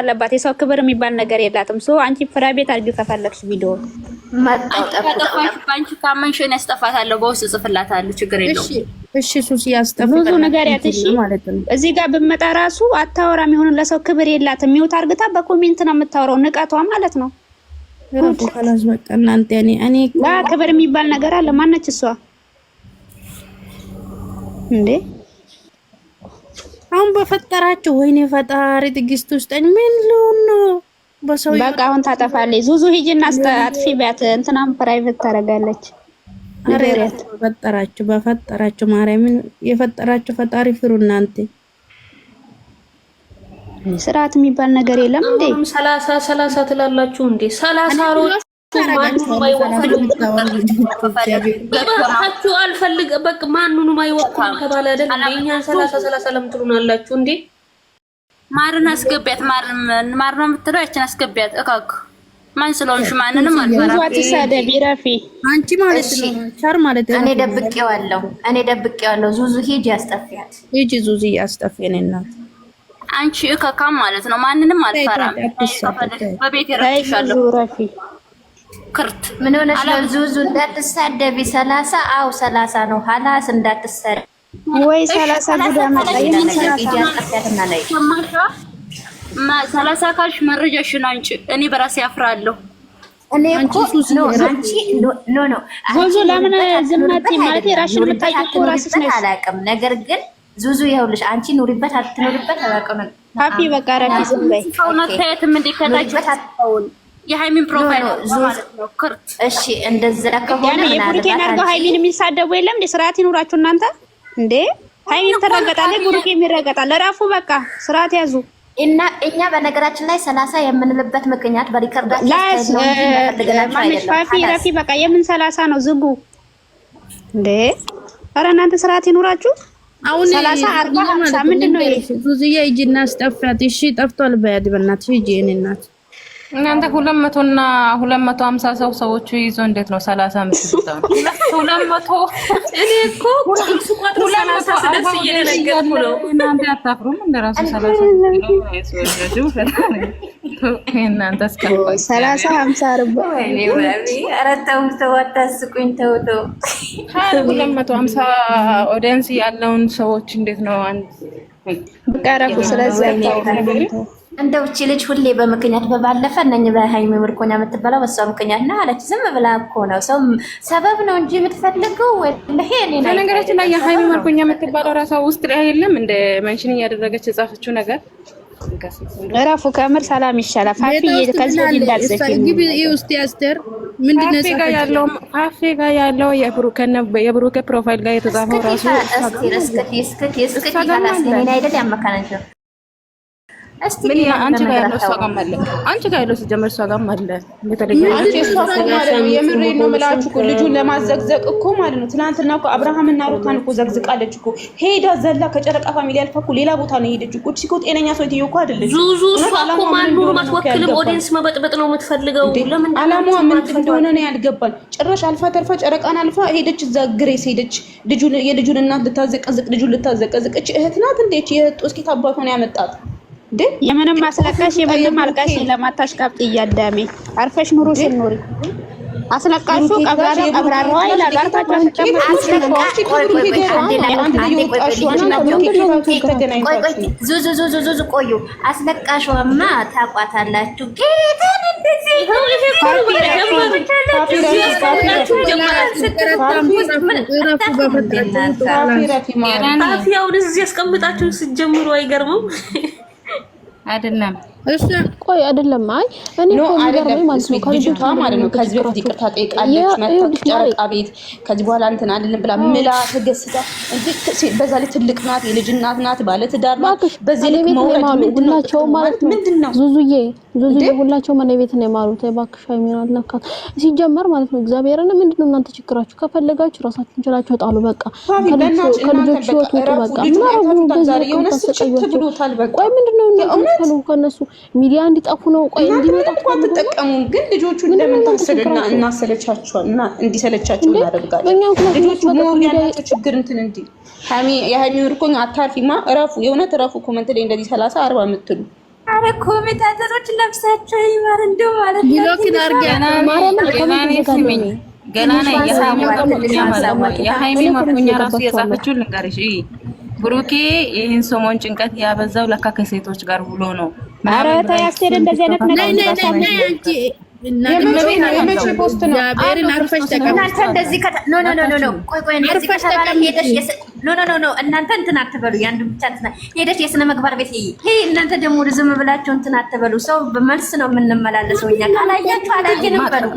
አለባት የሰው ክብር የሚባል ነገር የላትም። ሶ አንቺ ፍራ ቤት አድርጊው ከፈለግሽ ቪዲዮ በአንቺ ካመንሽን እኔ አስጠፋታለሁ። በውስጥ እጽፍላታለሁ። ችግር የለውም። እሺ ሱስ ያስጠፋ ብዙ ነገር ያትሽ እዚህ ጋር ብመጣ ራሱ አታወራም። የሆነ ለሰው ክብር የላትም። የሚውት አርግታ በኮሜንት ነው የምታወራው። ንቀቷ ማለት ነው። ራሱ ካላስ በቃ እናንተ እኔ እኔ ክብር የሚባል ነገር አለ። ማነች እሷ እንዴ? አሁን በፈጠራቸው ወይኔ ፈጣሪ ትዕግስት ውስጠኝ ምን ልሆን ነው? በሰው በቃ አሁን ታጠፋለች። ዙዙ ሂጂና አጥፊ ቢያት እንትናም ፕራይቬት ታደርጋለች። በፈጠራቸው በፈጠራችሁ ማርያምን የፈጠራችሁ ፈጣሪ ፍሩ እናንተ። ስርዓት የሚባል ነገር የለም እንዴ? ሰላሳ ሰላሳ ትላላችሁ እንዴ? ሰላሳ ሮ ታረጋችሁ አልፈልግ በቃ ማንኑም አይወቅም ተባለ አይደል? የእኛን ሰላሳ ሰላሳ ለምትሉን አላችሁ እንዴ? ማርን አስገቢያት። ማር ማር ነው የምትለው ያችን አስገቢያት። እካክ ማን ስለሆንሽ ማንንም አትሳደቢ ረፊ። አንቺ ማለት ነው ቻር ማለት ነው። እኔ ደብቄዋለሁ፣ እኔ ደብቄዋለሁ። ዙዙ ሂጂ አስጠፊያት፣ ሂጂ ዙዙ አስጠፊ እናት አንቺ እከካም ማለት ነው። ማንንም አልፈራም። በቤት ረፊ ክርት ምን ሆነሽ ነው? ዙዙ እንዳትሳደቢ። ሰላሳ አው ሰላሳ ነው። ሀላስ እንዳትሳደቢ ወይ ሰላሳ ጉዳ መጣ። ሰላሳ ካልሽ መረጃሽን አንቺ እኔ በራሴ አፍራለሁ። እኔ እኮ ኖ ኖ ዙዙ ለምን ዝም ማለት ራሽን የምታውቂው ራስሽ ነሽ። አላውቅም፣ ነገር ግን ዙዙ ይኸውልሽ፣ አንቺ ኑሪበት አትኑሪበት አላውቅም። ካፊ በቃ ረፊ ዝም በይ። ሰውነት ታየትም እንዴ ከታች የሃይሚን ፕሮፋይል ማለት ነው። እሺ፣ እንደዛ ከሆነ የቡሩኬን አድርገው ሃይሚን የሚሳደቡ የለም። ስርዓት ይኑራችሁ እናንተ እንዴ! ሃይሚን ትረገጣለች፣ ቡሩኬ የሚረገጣል። ለራፉ በቃ ስርዓት ያዙ። እና እኛ በነገራችን ላይ ሰላሳ የምንልበት ምክንያት በሪከርዳችን ረፊ በቃ የምን ሰላሳ ነው? ዝጉ እንዴ! ኧረ እናንተ ስርዓት ይኑራችሁ። አሁን ሰላሳ አርባ ምንድን ነው ዙዝዬ? ሂጂ እና አስጠፊያት። እሺ ጠፍቷል። በያድ በእናትሽ ሂጂ እኔ እናት እናንተ ሁለት መቶ እና ሁለት መቶ ሀምሳ ሰው ሰዎቹ ይዞ እንዴት ነው ሰላሳ ሁለት መቶ እኔ እኮ እናንተ አታፍሩም? እንደራሱ ሰላሳ አርባ ተው ሁለት መቶ ኦዲየንስ ያለውን ሰዎች እንዴት ነው አንድ በቃ ስለዚህ እንደው እቺ ልጅ ሁሌ በምክንያት በባለፈ እነኝ በሀይሚ ምርኮኛ የምትበላው በሷ ምክንያት ነው አለች። ዝም ብላ እኮ ነው ሰው ሰበብ ነው እንጂ የምትፈልገው ወለሄ እኔ ነው። ነገራችን ላይ የሀይሚ ምርኮኛ የምትበላው ራሷ ውስጥ ላይ አይደለም እንደ መንሽን እያደረገች የጻፈችው ነገር እረፉ። ከምር ሰላም ይሻላል። ፋፊ ከዚህ ውስጥ ያስተር ምንድነው ፋፌ ጋ ያለው የብሩኬ ፕሮፋይል ጋር የተጻፈው ራሱ አንቺ ጋር ያለው ሲጀመር እሷ ጋርም አለ። የምሬን ነው የምላችሁ እኮ ልጁን ለማዘግዘቅ እኮ ማለት ነው። ትናንትና እኮ አብርሃም እና ሩታን እኮ ዘግዝቃለች እኮ ሄዳ ዘላ ከጨረቃ ፋሚሊ አልፋ እኮ ሌላ ቦታ ነው የሄደች እኮ። እቺ እኮ ጤነኛ ሰውዬው እኮ አይደለች። ዙዙ እሷ እኮ ማንንም አትወክልም። ኦዲየንስ መበጥበጥ ነው የምትፈልገው። ለምን አላማዋ ምን እንደሆነ ነው ያልገባል። ጭራሽ አልፋ ተርፋ ጨረቃን አልፋ ሄደች። እዛ ግሬስ ሄደች። ልጁን የልጁን እናት ልታዘቀዝቅ ልጁን ልታዘቀዝቅ እህት ናት እንዴ? እች የእህት ጦስኪት አባቷን ያመጣት የምንም አስለቃሽ የምንም አልቃሽ ለማታሽ ቀብጥ እያዳሜ አርፈሽ ኑሮ ስንኖሪ አስለቃሹ ቀብራራ ቀብራራዋ ይላጋርታቸውዙዙዙዙዙ ቆዩ። አስለቃሿማ ታቋታላችሁ ጌታን እንደዚህ ያስቀምጣችሁን ስትጀምሩ አይገርምም? አይደለም እሺ ቆይ አይደለም። አይ እኔ እኮ የሚገርመኝ ማለት ነው ከልጅቷ ማለት ነው ከዚህ በፊት ይቅርታ ጠይቃለች መጣች ጨረቃ ቤት ከዚህ በኋላ እንትን አይደለም ብላ ምላ ተገስታ እንጂ በዛ ላይ ትልቅ ናት፣ የልጅ እናት ናት፣ ባለ ትዳር ናት። በዚህ ላይ መውረድ ምንድን ነው ማለት ነው ዙዙዬ ብዙ ሁላቸው መነ ቤት ነው የማሩት። እባክሽ ሀይሚን አልነካት ሲጀመር ማለት ነው። እግዚአብሔርን ምንድን ነው እናንተ ችግራችሁ? ከፈለጋችሁ ራሳችሁ እንችላችሁ ጣሉ። በቃ ከልጆች ህይወት ውጡ። በቃ ምናረጉ ምንድን ነው ከነሱ ሚዲያ እንዲጠፉ ነው። ቆይ እንዲመጣ ግን ልጆቹ እንደምን እናሰለቻቸው እና እንዲሰለቻቸው እናደርጋለን። እኛ ልጆቹ ያላቸው ችግር እንትን እንዲ ምርኮኝ አታርፊማ። እረፉ፣ የእውነት እረፉ። ኮመንት ላይ እንደዚህ ሰላሳ አርባ የምትሉ ኮሜንታተሮች ለብሳቸው ይማር እንደው ማለት ብሎክን አድርገና ገና ነው የሀይሚ መኩኛ ራሱ የጻፈችው ልንገርሽ፣ ብሩኬ ይህን ሰሞን ጭንቀት ያበዛው ለካ ከሴቶች ጋር ብሎ ነው። አረ ተይ አስቴር እንደዚህ አይነት ነገር እናንተ እንትን አትበሉ። የአንዱ ብቻ ሄደሽ የስነ ቤት ይሄ እናንተ ደግሞ ዝም ብላችሁ እንትን አትበሉ። ሰው በመልስ ነው የምንመላለሰው እኛ ካላያችሁ አላየንም በሉ።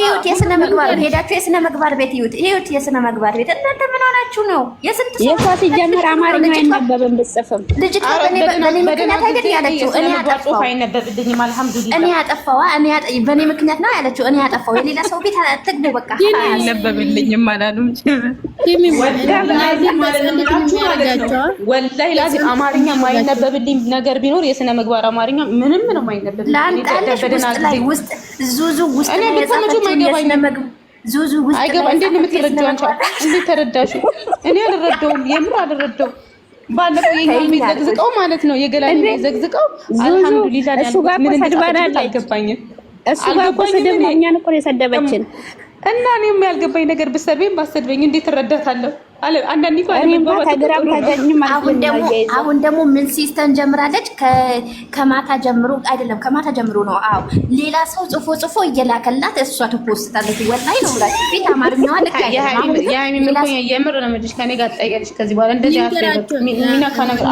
ይኸውት የስነ ሄዳችሁ የስነ ቤት ይዩት። ይኸውት የስነ ቤት እናንተ ምን ሆናችሁ ነው? የስንት ሲጀምር አማርኛ አይነበብም ብጽፍም ልጅቷ በእኔ ምክንያት አይደል ያለችው እኔ አጠፋሁ ያጠፋዋ እኔ በእኔ ምክንያት ነው ያለችው። እኔ ያጠፋው የሌላ ሰው ቤት ትግቡ በቃ አልነበብልኝም አላሉም። ወላሂ ላዚም አማርኛ ማይነበብልኝ ነገር ቢኖር የስነ ምግባር አማርኛ ምንም ነው ማይነበብልኝ። ዙዙ ውስጥ እኔ እንዴት ነው የምትረዳው? እንዴት ተረዳሽው? እኔ አልረዳውም፣ የምር አልረዳውም። ባለፈው ይሄ የሚዘግዝቀው ማለት ነው የገላ የሚዘግዝቀው አልሐምዱሊላ ምን እንደሆነ አልገባኝም። እሱ ጋር እኮ ስድብ ነው። እኛን እኮ የሰደበችን እና እኔም ያልገባኝ ነገር ብሰድበኝ ባሰድበኝ እንዴት እረዳታለሁ? አሁን ደግሞ ምን ሲስተም ጀምራለች? ከማታ ጀምሮ አይደለም፣ ከማታ ጀምሮ ነው። አዎ ሌላ ሰው ጽፎ ጽፎ እየላከላት እሷ ትፖስታለች። ወላሂ ነው ላችሁ ቤት አማርኛዋ ልክ የምር ነው ጋር ከዚህ በኋላ እንደዚህ